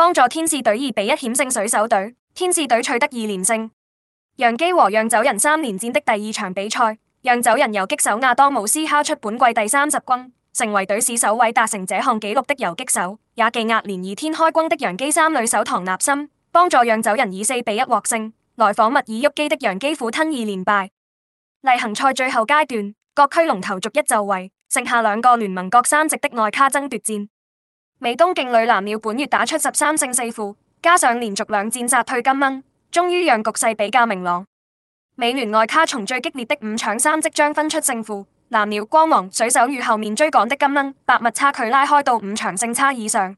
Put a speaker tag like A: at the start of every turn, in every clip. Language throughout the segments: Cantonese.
A: 幫助天使隊二比一險勝水手隊，天使隊取得二連勝。揚基和讓走人三連戰的第二場比賽，讓走人游擊手亞當姆斯敲出本季第三十轟，成為隊史首位達成這項紀錄的游擊手，也技壓連二天開轟的揚基三壘手唐納森，幫助讓走人以四比一獲勝。來訪密爾沃基的揚基虎吞二連敗。例行賽最後階段，各區龍頭逐一就位，剩下兩個聯盟各三席的外卡爭奪戰。美東勁旅藍鳥本月打出十三勝四負，加上連續兩戰扎退金蚊，終於讓局勢比較明朗。美聯外卡從最激烈的五搶三即將分出勝負，藍鳥光芒水手與後面追趕的金蚊白襪差距拉開到五場勝差以上。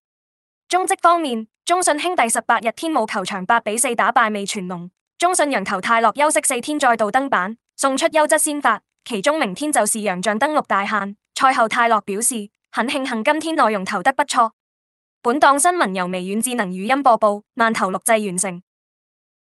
A: 中職方面，中信兄弟十八日天母球場八比四打敗味全龍，中信洋投泰洛休息四天再度登板，送出優質先發，其中明天就是洋將登陸大限。賽後泰洛表示。很慶幸今天內容投得不錯，本檔新聞由微軟智能語音播報，慢投錄製完成。